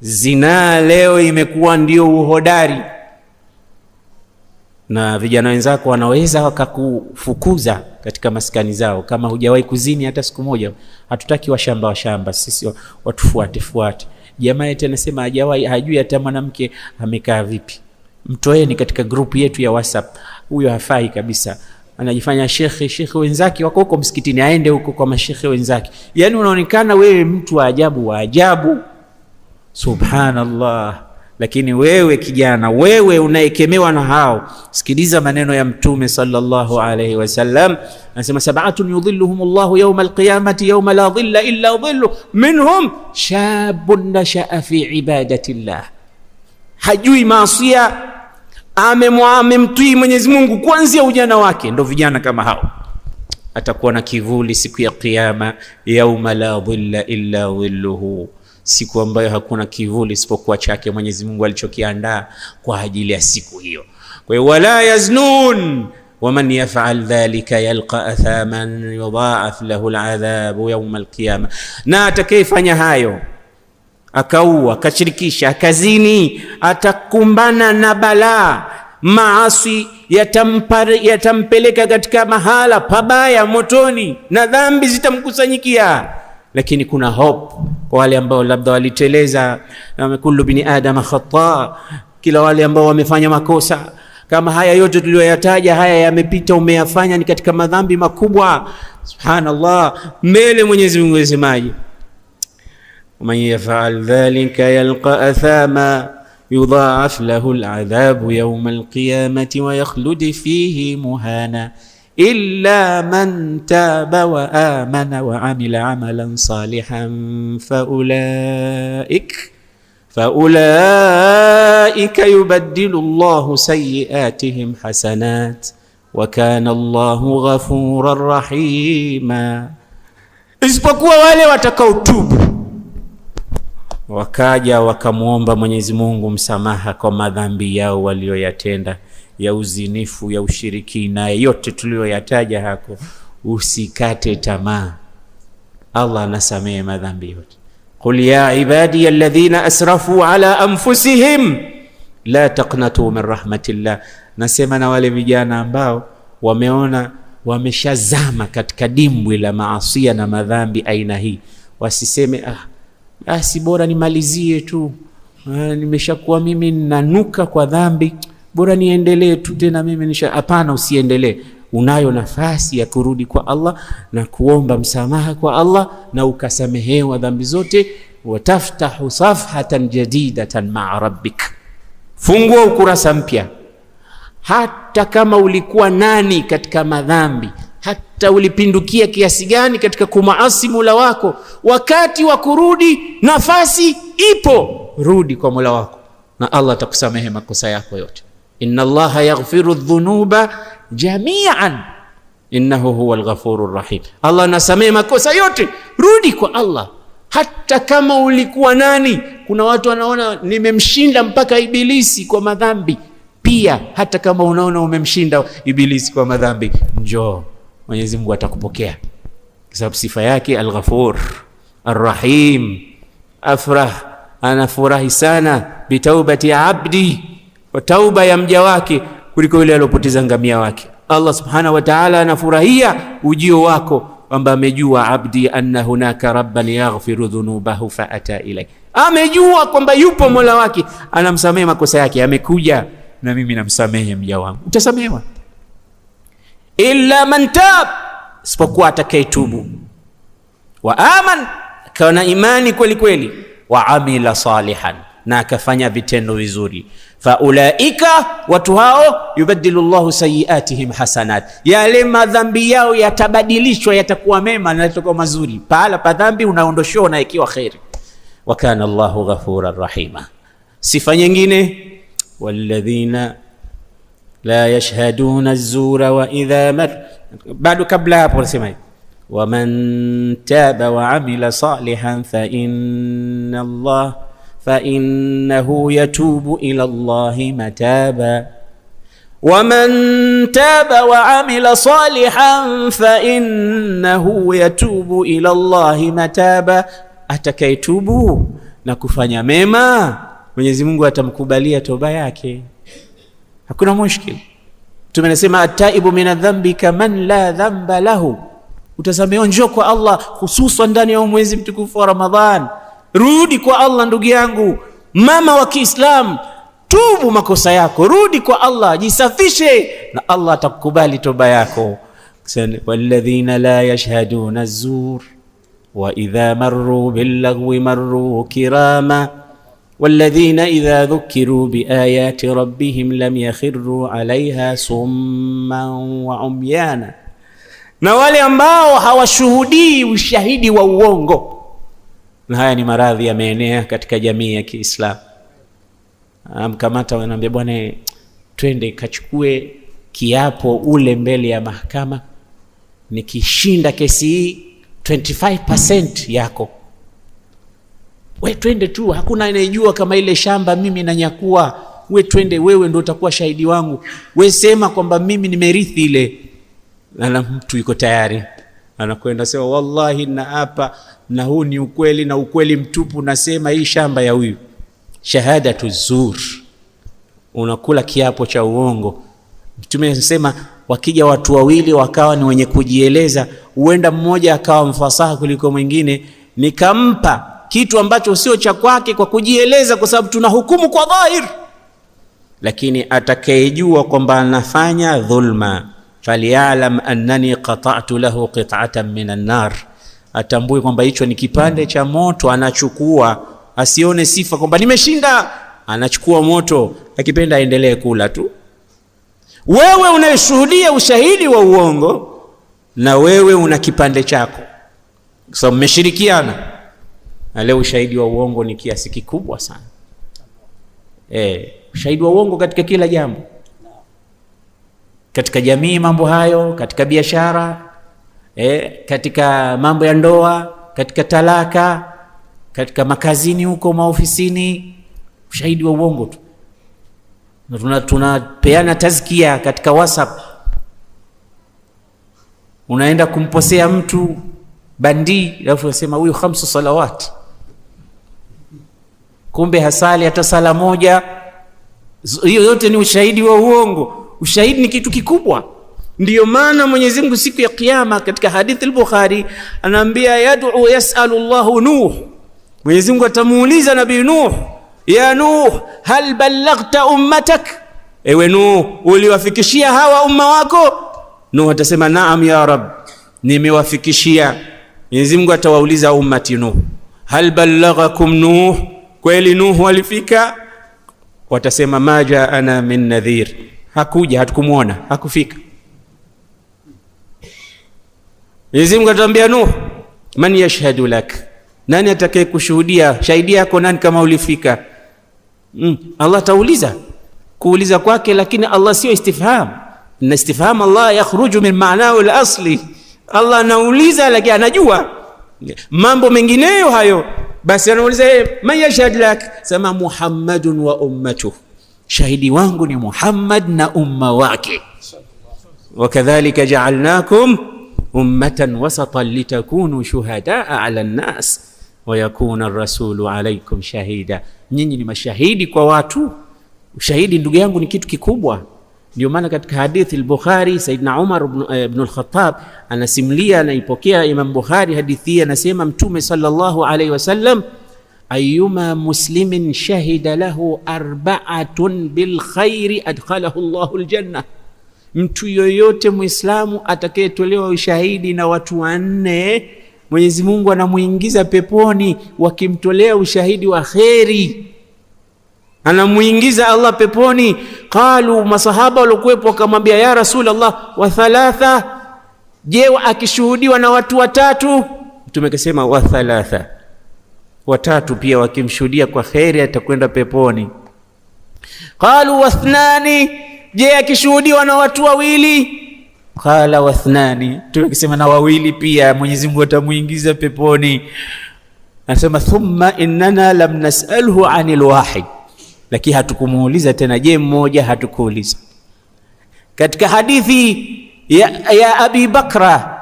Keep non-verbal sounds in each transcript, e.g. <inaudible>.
Zinaa leo imekuwa ndio uhodari, na vijana wenzako wanaweza wakakufukuza katika maskani zao kama hujawahi kuzini hata siku moja. Hatutaki washamba washamba, sisi watufuate fuate. Jamaa yetu anasema ajawai hajui hata mwanamke amekaa vipi. Mtoeni katika grupu yetu ya WhatsApp, huyo hafai kabisa anajifanya shekhe. Shekhe wenzake wako huko msikitini, aende huko kwa mashekhe wenzake. Yani unaonekana wewe mtu wa ajabu wa ajabu Subhanallah. Lakini wewe kijana, wewe unayekemewa na hao, sikiliza maneno ya Mtume sallallahu alayhi wasallam, anasema sab'atun yudhilluhum Allahu yawma alqiyamati yawma la dhilla illa dhillu minhum shabun nashaa fi ibadati Allah hajui amemwame mtii Mwenyezi Mungu kuanzia ujana wake. ndio vijana kama hao atakuwa na kivuli siku ya Kiyama, yawma la dhilla illa dhilluhu siku ambayo hakuna kivuli isipokuwa chake Mwenyezi Mungu alichokiandaa kwa ajili ya siku hiyo. Kwa hiyo wala yaznun waman yafal dhalika yalqa athaman yudhaaf lahu aladhabu yawm alqiyama, na atakayefanya hayo akaua, akashirikisha, akazini atakumbana na balaa maasi yatampeleka katika mahala pabaya motoni, na dhambi zitamkusanyikia. Lakini kuna hope kwa wale ambao labda waliteleza, kullu bini adama khata, kila wale ambao wamefanya makosa kama haya yote tuliyoyataja, haya yamepita, umeyafanya ni katika madhambi makubwa. Subhanallah, mbele Mwenyezi Mungu asemaje? man yafal dhalika yalqa athama yudhaaf lahu aladhabu yawma alqiyamati wa yakhlud fihi muhana إلا من تاب وآمن وعمل عملا صالحا فأولئك فأولئك يبدل الله سيئاتهم حسنات وكان الله غفورا رحيما isipokuwa wale watakaotubu wakaja wakamwomba Mwenyezi Mungu msamaha kwa madhambi yao walioyatenda ya uzinifu, ya ushirikina, yote tuliyoyataja hako, usikate tamaa. Allah anasamehe madhambi yote. Qul ya ibadi alladhina asrafu ala anfusihim la taqnatu min rahmatillah, nasema na wale vijana ambao wameona wameshazama katika dimbwi la maasia na madhambi aina hii, wasiseme ah, basi bora nimalizie tu, ah, nimeshakuwa mimi nanuka kwa dhambi bora niendelee tu tena mimi nisha. Hapana, usiendelee. Unayo nafasi ya kurudi kwa Allah na kuomba msamaha kwa Allah na ukasamehewa dhambi zote. wataftahu safhatan jadidatan maa rabbik, fungua ukurasa mpya. Hata kama ulikuwa nani katika madhambi, hata ulipindukia kiasi gani katika kumaasi mula wako, wakati wa kurudi nafasi ipo. Rudi kwa mula wako na Allah atakusamehe makosa yako yote inna Allaha yaghfiru dhunuba jamian innahu huwa alghafuru rahim, Allah anasamehe makosa yote. Rudi kwa Allah hata kama ulikuwa nani. Kuna watu wanaona nimemshinda mpaka Ibilisi kwa madhambi. Pia hata kama unaona umemshinda Ibilisi kwa madhambi, njoo, Mwenyezi Mungu atakupokea kwa sababu sifa yake Alghafur Arrahim. Afrah, anafurahi sana bitaubati abdi wa tauba ya mja wake kuliko yule aliyopoteza ngamia wake. Allah subhanahu wa ta'ala anafurahia ujio wako kwamba amejua abdi anna hunaka rabban yaghfiru dhunubahu fa ata ilay, amejua kwamba yupo mola wake anamsamehe makosa yake, amekuja na mimi namsamehe mja wangu. Utasamehewa illa man tab, isipokuwa atakayetubu, wa aman, akawa na imani kweli kweli, wa amila salihan, na akafanya vitendo vizuri Faulaika, watu hao, yubadilu llahu sayiatihim hasanat, yale madhambi yao yatabadilishwa yatakuwa mema na yatakuwa mazuri. Pahala pa dhambi unaondoshewa unawekewa kheri. Wa llahu ghafuran rahima. Sifa nyingine, walladhina la yashhaduna zura wa idha mar, bado kabla hapo wanasema hivi waman taba wa amila salihan fa inna Allah فانه يتوب الى الله متابا ومن تاب وعمل صالحا فانه يتوب الى الله متابا atakayetubu na kufanya mema mwenyezi mungu atamkubalia toba yake hakuna mushkil tumenasema ataibu min adhambi kaman la dhamba lahu utasamehewa njoo kwa allah hususan ndani ya mwezi mtukufu wa ramadhan Rudi kwa Allah ndugu yangu, mama wa Kiislamu, tubu makosa yako, rudi kwa Allah, jisafishe na Allah atakukubali toba yako. walladhina la yashhaduna zur wa idha marru billaghwi marru kirama walladhina idha dhukiru biayati rabbihim lam yakhiru alaiha summan wa umyana, na wale ambao hawashuhudii ushahidi wa uongo na haya ni maradhi yameenea katika jamii ya Kiislamu. Amkamata wanaambia, bwana, twende kachukue kiapo ule mbele ya mahakama, nikishinda kesi hii 25% yako we, twende tu, hakuna anayejua kama ile shamba mimi nanyakua. We twende, wewe ndio utakuwa shahidi wangu, we sema kwamba mimi nimerithi ile. Na mtu yuko tayari anakwenda sema, wallahi na hapa na huu ni ukweli na ukweli mtupu, nasema hii shamba ya huyu. Shahadatu zur, unakula kiapo cha uongo. Mtume anasema wakija watu wawili wakawa ni wenye kujieleza, huenda mmoja akawa mfasaha kuliko mwingine, nikampa kitu ambacho sio cha kwake kwa kujieleza, kwa sababu tunahukumu kwa dhahir, lakini atakayejua kwamba anafanya dhulma falyalam annani qata'tu lahu qit'atan min an-nar, atambue kwamba hicho ni kipande cha moto anachukua, asione sifa kwamba nimeshinda, anachukua moto, akipenda aendelee kula tu. Wewe unayeshuhudia ushahidi wa uongo, na wewe una kipande chako, kwa sababu mmeshirikiana. Na leo ushahidi wa uongo ni kiasi kikubwa sana, eh, ushahidi wa uongo katika kila jambo katika jamii mambo hayo, katika biashara eh, katika mambo ya ndoa, katika talaka, katika makazini huko maofisini. Ushahidi wa uongo tu tunapeana, tuna tazkia katika WhatsApp, unaenda kumposea mtu bandii, alafu unasema huyu khamsu salawati, kumbe hasali hata sala moja. Hiyo yote ni ushahidi wa uongo. Ushahidi ni kitu kikubwa. Ndiyo maana Mwenyezi Mungu siku ya Kiyama katika hadithi al-Bukhari anaambia yad'u yasalu Allahu Nuh, Mwenyezi Mungu atamuuliza Nabii Nuh, ya Nuh, hal ballaghta ummatak, ewe Nuh, uliwafikishia hawa umma wako? Nuh atasema naam ya rab nimewafikishia. Mwenyezi Mungu atawauliza ummati Nuh, hal ballaghakum Nuh, kweli Nuh walifika? Watasema ma jaana min nadhir hakuja, hatukumwona, hakufika. Mwenyezi Mungu atatuambia Nuhu, man yashhadu lak, nani atakaye kushuhudia shahidi yako nani kama ulifika? Mm, Allah atauliza kuuliza kwake, lakini Allah sio istifham na istifham, Allah yakhruju min maanahu al-asli. Allah anauliza lakini anajua mambo mengineyo hayo, basi anauliza yeye, eh, man yashhad lak, sema Muhammadun wa ummatuhu shahidi wangu ni Muhammad na umma wake, wakadhalika ja'alnakum ummatan wasatan litakunu shuhadaa ala nnas wayakuna rasulu alaikum shahida, nyinyi ni mashahidi kwa watu. Ushahidi ndugu yangu ni kitu kikubwa. Ndio maana katika hadithi al-Bukhari Saidna Umar eh, ibn al-Khattab anasimulia, anaipokea Imam Bukhari hadithi hii, anasema Mtume sallallahu alaihi wasallam ayuma muslimin shahida lahu arbaatun bilkhairi adkhalahu llahu ljanna, mtu yoyote Mwislamu atakayetolewa ushahidi na watu wanne Mwenyezi Mungu anamuingiza peponi. Wakimtolea ushahidi wa kheri anamuingiza Allah peponi. Qalu, masahaba waliokuwepo wakamwambia ya Rasulullah, wa thalatha, je, akishuhudiwa na watu watatu? Mtume akasema wa thalatha watatu pia wakimshuhudia kwa kheri atakwenda peponi. Qalu wathnani, je, akishuhudiwa na watu wawili? Qala wathnani, tukisema na wawili pia Mwenyezi Mungu atamuingiza peponi. Anasema thumma innana lam nasalhu anil wahid, lakini hatukumuuliza tena, je mmoja hatukuuliza. Katika hadithi ya, ya Abi Bakra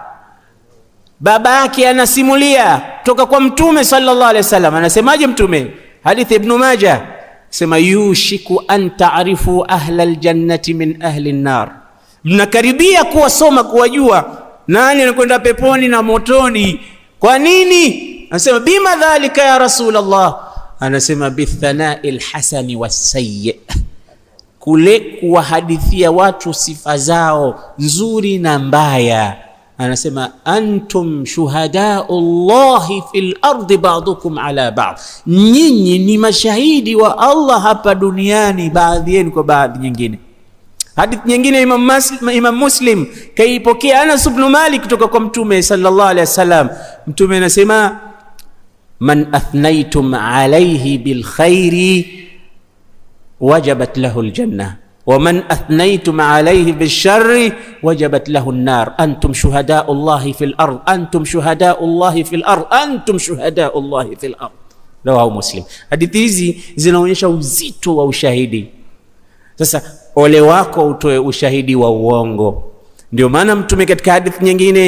Baba yake anasimulia toka kwa Mtume sallallahu alaihi wasallam. Anasemaje Mtume? Hadithi Ibnu Maja sema, yushiku an taarifu ahla aljannati min ahli nnar, mnakaribia kuwasoma kuwajua nani anakwenda peponi na motoni. Kwa nini? Anasema bima dhalika ya Rasulullah, anasema bithanai lhasani wasayi, kule kuwahadithia watu sifa zao nzuri na mbaya anasema antum shuhadau llahi fi ardi ba'dukum ala ba'd, nyinyi ni mashahidi wa Allah hapa duniani, baadhi yenu kwa baadhi nyingine. Hadith nyingine Imam Muslim, Imam Muslim kaipokea Anas ibn Malik kutoka kwa Mtume sallallahu alaihi wasallam. Mtume anasema man athnaitum alaihi bilkhairi wajabat lahu ljanna ومن اثنيتم عليه بالشر وجبت له النار انتم شهداء الله في الارض انتم شهداء الله في الارض انتم شهداء الله في الارض رواه مسلم هذه zinaonyesha uzito wa ushahidi sasa ole wako utoe ushahidi wa uongo ndio maana mtume نيجيني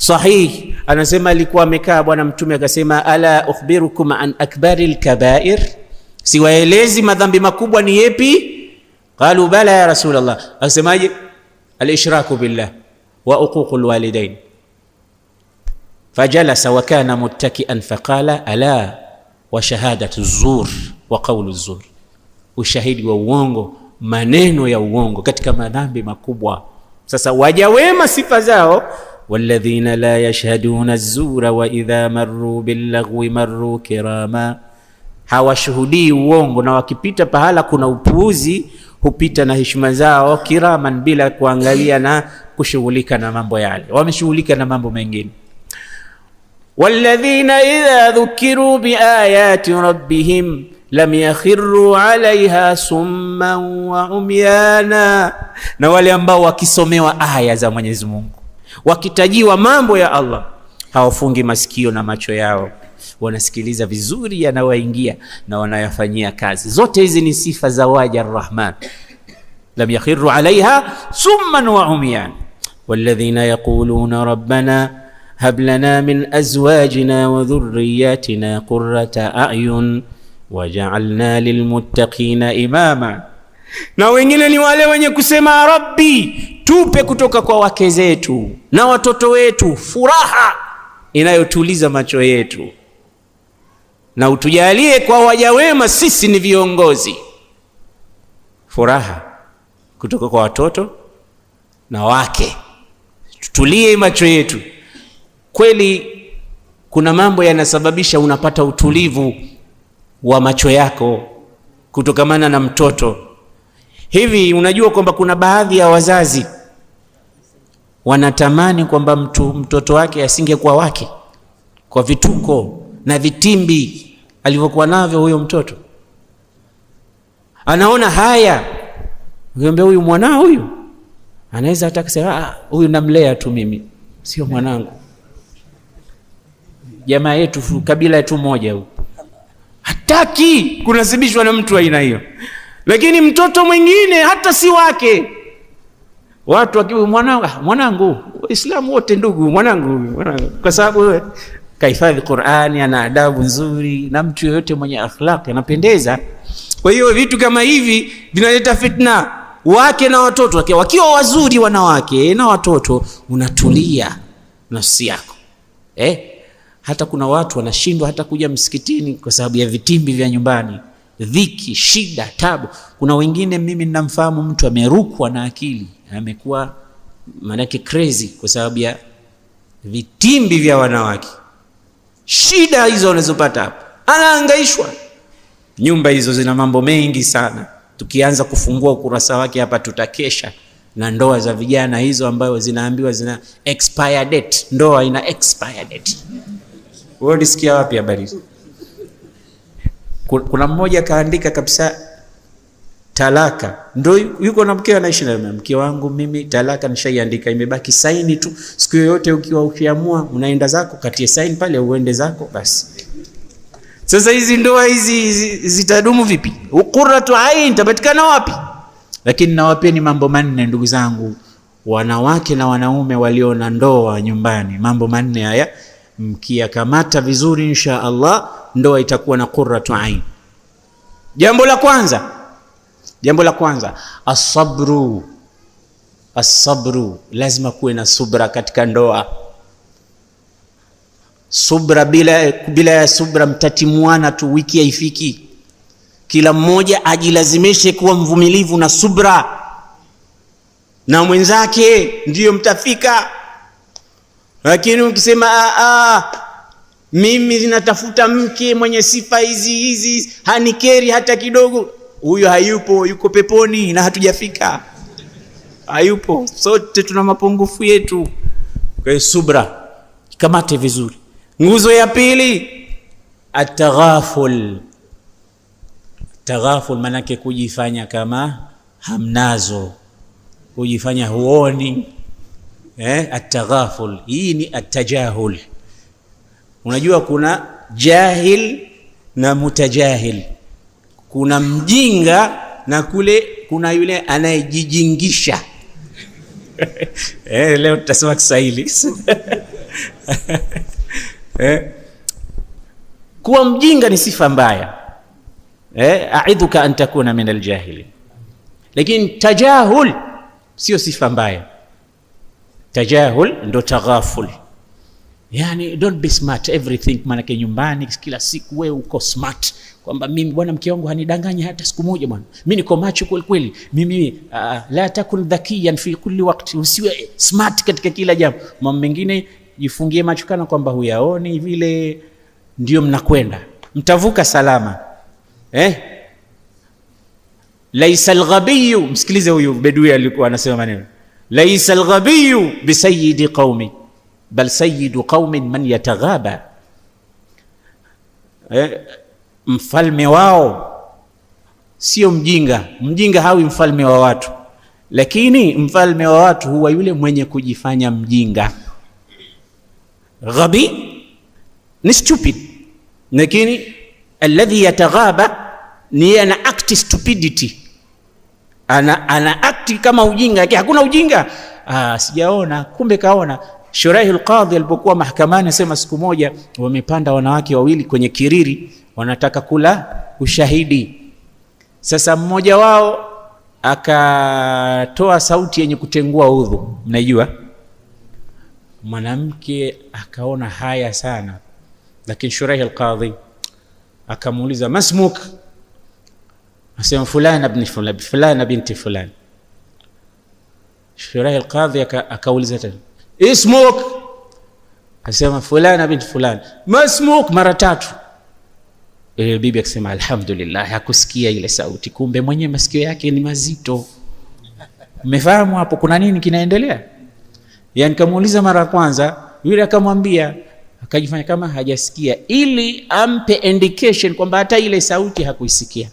صحيح انا سمع لك وامكا وانا متومي كسيما الا اخبركم عن اكبر الكبائر سوى لازم ذنب ما كوبا نيبي qalu bala ya Rasulullah. Akasemaje? Alishraku billah wa uququl walidain. Fajalasa wa kana muttakian faqala ala wa shahadatu zur wa qawlu zur, ushahidi wa uongo, maneno ya uongo katika madhambi makubwa. Sasa waja wema sifa zao walladhina la yashhaduna zura wa idha marru billaghwi marru kirama, hawashuhudii uongo na wakipita pahala kuna upuuzi hupita na heshima zao kiraman, bila kuangalia na kushughulika na mambo yale, wameshughulika na mambo mengine. walladhina idha dhukiru biayati rabbihim lam yakhiru alaiha summan wa umyana, na wale ambao wakisomewa aya za Mwenyezi Mungu wakitajiwa mambo ya Allah hawafungi masikio na macho yao wanasikiliza vizuri, yanawaingia na wanayafanyia kazi. Zote hizi ni sifa za waja Rahman, lam yakhiru alaiha summan wa umyan walladhina yaquluna rabbana hab lana min azwajina wa dhurriyatina qurrata ayun waj'alna lilmuttaqina imama, na wengine ni wale wenye kusema Rabbi, tupe kutoka kwa wake zetu na watoto wetu furaha inayotuliza macho yetu na utujalie kwa waja wema, sisi ni viongozi. Furaha kutoka kwa watoto na wake, tutulie macho yetu. Kweli kuna mambo yanasababisha unapata utulivu wa macho yako kutokamana na mtoto hivi. Unajua kwamba kuna baadhi ya wazazi wanatamani kwamba mtu mtoto wake asingekuwa wake kwa vituko na vitimbi alivyokuwa navyo huyo mtoto. Anaona haya, ukiambia huyu mwanao huyu anaweza hata kusema ah, huyu namlea tu mimi, sio mwanangu, jamaa yetu, kabila yetu moja huyu. Hataki kunasibishwa na mtu aina hiyo, lakini mtoto mwingine hata si wake watu wakiwa mwanangu, ah, mwanangu, Waislamu wote ndugu, mwanangu, mwanangu, kwa sababu kahifadhi Qur'ani, ana adabu nzuri, na mtu yoyote mwenye akhlaq anapendeza. Kwa hiyo vitu kama hivi vinaleta fitna, wake na watoto. wake Wakiwa wazuri wanawake na watoto, unatulia nafsi yako eh? Hata kuna watu wanashindwa hata kuja msikitini kwa sababu ya vitimbi vya nyumbani, dhiki, shida, tabu. Kuna wengine mimi ninamfahamu mtu amerukwa na akili, amekuwa maanake crazy kwa sababu ya vitimbi vya wanawake shida hizo wanazopata hapo, anaangaishwa. Nyumba hizo zina mambo mengi sana, tukianza kufungua ukurasa wake hapa tutakesha. Na ndoa za vijana hizo ambayo zinaambiwa zina expire date, ndoa ina expire date. Wewe ulisikia wapi habari hizo? Kuna mmoja kaandika kabisa talaka ndo yuko na mke anaishi na mke wangu mimi, talaka nishaiandika, imebaki saini tu. Siku yoyote ukiwa ukiamua unaenda zako, katie saini pale uende zako basi. Sasa hizi ndoa hizi zitadumu vipi? Ukuratu ain tapatikana wapi? Lakini nawapeni mambo manne ndugu zangu, wanawake na wanaume walio na ndoa nyumbani, mambo manne haya mkiyakamata vizuri, insha Allah ndoa itakuwa na qurratu ain. Jambo la kwanza Jambo la kwanza asabru, asabru, lazima kuwe na subra katika ndoa. Subra bila, bila ya subra mtatimwana tu, wiki haifiki. Kila mmoja ajilazimishe kuwa mvumilivu na subra na mwenzake, ndiyo mtafika. Lakini ukisema ah, ah, mimi ninatafuta mke mwenye sifa hizi hizi, hanikeri hata kidogo huyo hayupo, yuko peponi na hatujafika, hayupo. Sote tuna mapungufu yetu. Kwa hiyo subra ikamate vizuri. Nguzo ya pili ataghaful. Taghaful maanake kujifanya kama hamnazo, kujifanya huoni. Eh, ataghaful hii ni atajahul. Unajua kuna jahil na mutajahil kuna mjinga na kule kuna yule anayejijingisha. <laughs> Eh, leo tutasema Kiswahili <laughs> eh. Kuwa mjinga ni sifa mbaya eh, aidhuka an takuna min aljahili, lakini tajahul sio sifa mbaya. Tajahul ndo taghafuli yani don't be smart everything maanake nyumbani kila siku wewe uko smart kwamba mimi bwana mke wangu hanidanganyi hata siku moja bwana mi niko macho kwelikweli mimi uh, la takun dhakiyan fi kulli wakti usiwe smart katika kila jambo mambo mengine jifungie macho kana kwamba huyaoni vile ndio mnakwenda mtavuka salama eh? laisa lghabiyu msikilize huyu bedui alikuwa anasema maneno laisa lghabiyu bisayidi qaumi bal sayidu qaumin man yataghaba, eh, mfalme wao sio mjinga. Mjinga hawi mfalme wa watu, lakini mfalme wa watu huwa yule mwenye kujifanya mjinga. Ghabi ni stupid, lakini alladhi yataghaba ni ana act stupidity, ana ana act kama ujinga. Hakuna ujinga, ah, sijaona, kumbe kaona Shurahi al-Qadhi alipokuwa mahakamani asema, siku moja wamepanda wanawake wawili kwenye kiriri, wanataka kula ushahidi. Sasa mmoja wao akatoa sauti yenye kutengua udhu, mnaijua. Mwanamke akaona haya sana, lakini Shuraih al-Qadhi akamuuliza masmuk, asema fulani ibn fulani, fulani binti fulani. Shuraih al-Qadhi akauliza tena ismuk, asema fulani na binti fulani, masmuk mara tatu. E, bibi akasema alhamdulillah, hakusikia ile sauti, kumbe mwenye masikio yake ni mazito. Umefahamu hapo kuna nini kinaendelea? Yani kamuuliza mara ya kwanza, yule akamwambia akajifanya kama hajasikia ili ampe indication kwamba hata ile sauti hakuisikia.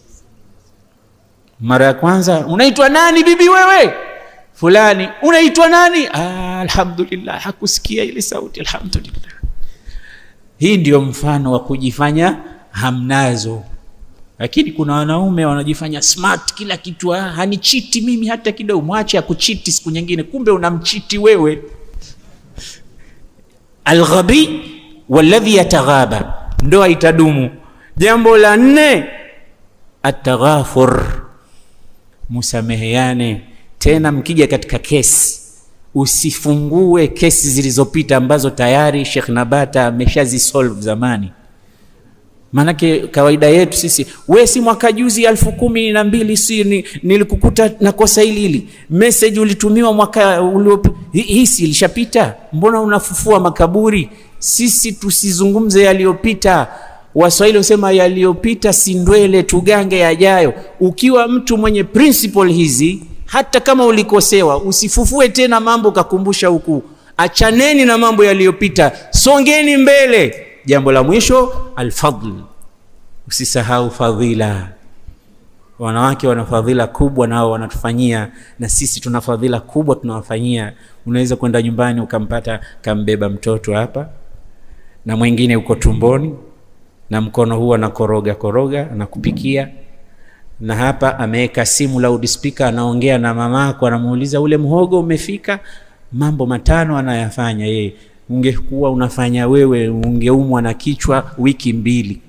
Mara ya kwanza, unaitwa nani bibi wewe? fulani, unaitwa nani? Ah, alhamdulillah, hakusikia ile sauti, alhamdulillah. Hii ndio mfano wa kujifanya hamnazo. Lakini kuna wanaume wanajifanya smart kila kitu, ah, hanichiti mimi hata kidogo. Mwache akuchiti siku nyingine, kumbe unamchiti wewe. Alghabi walladhi yataghaba, ndoa itadumu. Jambo la nne, ataghafur, musameheane tena mkija katika kesi, usifungue kesi zilizopita ambazo tayari Sheikh Nabata solve zamani. Maanake kawaida yetu sisi, we si mwaka juzi elfu kumi na mbili si ni, nilikukuta na kosa hili hili, message ulitumiwa mwaka uliopita, hii si ilishapita? Mbona unafufua makaburi? Sisi tusizungumze yaliyopita. Waswahili husema yaliyopita si ndwele, tugange yajayo. Ukiwa mtu mwenye principle hizi hata kama ulikosewa, usifufue tena mambo ukakumbusha huku. Achaneni na mambo yaliyopita, songeni mbele. Jambo la mwisho, alfadl, usisahau fadhila. Wanawake wana fadhila kubwa, nao wanatufanyia na sisi tuna fadhila kubwa tunawafanyia. Unaweza kwenda nyumbani ukampata kambeba mtoto hapa na mwingine uko tumboni na mkono huu anakoroga koroga, anakupikia na hapa ameweka simu loudspeaker, anaongea na mamako, anamuuliza ule mhogo umefika. Mambo matano anayafanya yeye, ungekuwa unafanya wewe ungeumwa na kichwa wiki mbili,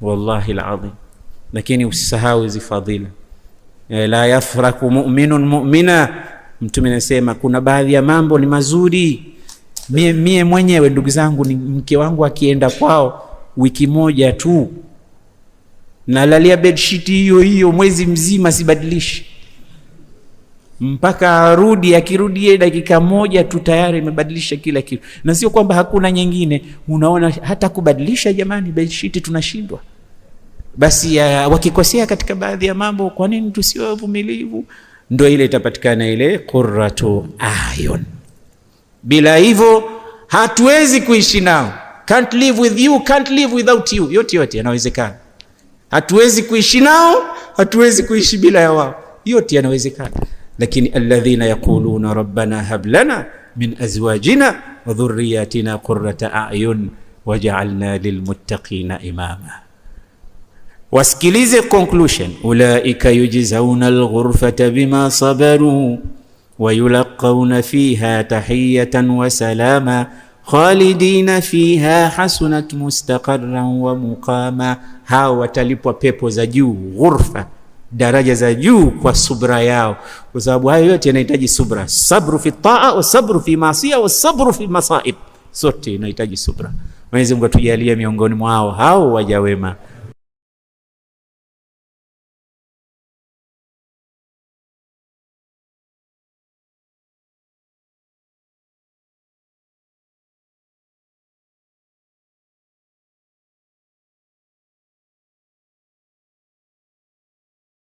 wallahi alazim. Lakini usisahau hizi fadhila, eh, la yafraku mu'minun mu'mina. Mtume anasema kuna baadhi ya mambo ni mazuri. Mie, mie mwenyewe ndugu zangu, ni mke wangu akienda kwao wiki moja tu nalalia bedshiti hiyo hiyo mwezi mzima, sibadilishi mpaka arudi. Akirudi ye dakika moja tu tayari imebadilisha kila kitu, na sio kwamba hakuna nyingine. Unaona hata kubadilisha, jamani, bedshiti tunashindwa. Basi uh, wakikosea katika baadhi ya mambo, kwa nini tusiwe wavumilivu? Ndo ile itapatikana ile qurratu ayun. Bila hivyo hatuwezi kuishi nao. Can't live with you, can't live without you. Yote yote yanawezekana. Hatuwezi kuishi nao, hatuwezi kuishi bila ya wao, yote yanawezekana. Lakini alladhina yaquluna rabbana hab lana min azwajina wa dhurriyatina qurrata a'yun waj'alna lilmuttaqina imama. Wasikilize conclusion, ulaika yujzauna alghurfata bima sabaru wa yulaqawna fiha tahiyatan wa salama khalidina fiha hasunat mustaqarran wa muqama, hao watalipwa pepo za juu, ghurfa, daraja za juu kwa subra yao, kwa sababu hayo yote yanahitaji subra. Sabru fi taa wa sabru fi maasiya wa sabru fi masaib, sote inahitaji subra. Mwenyezi Mungu atujalie miongoni mwao hao waja wema.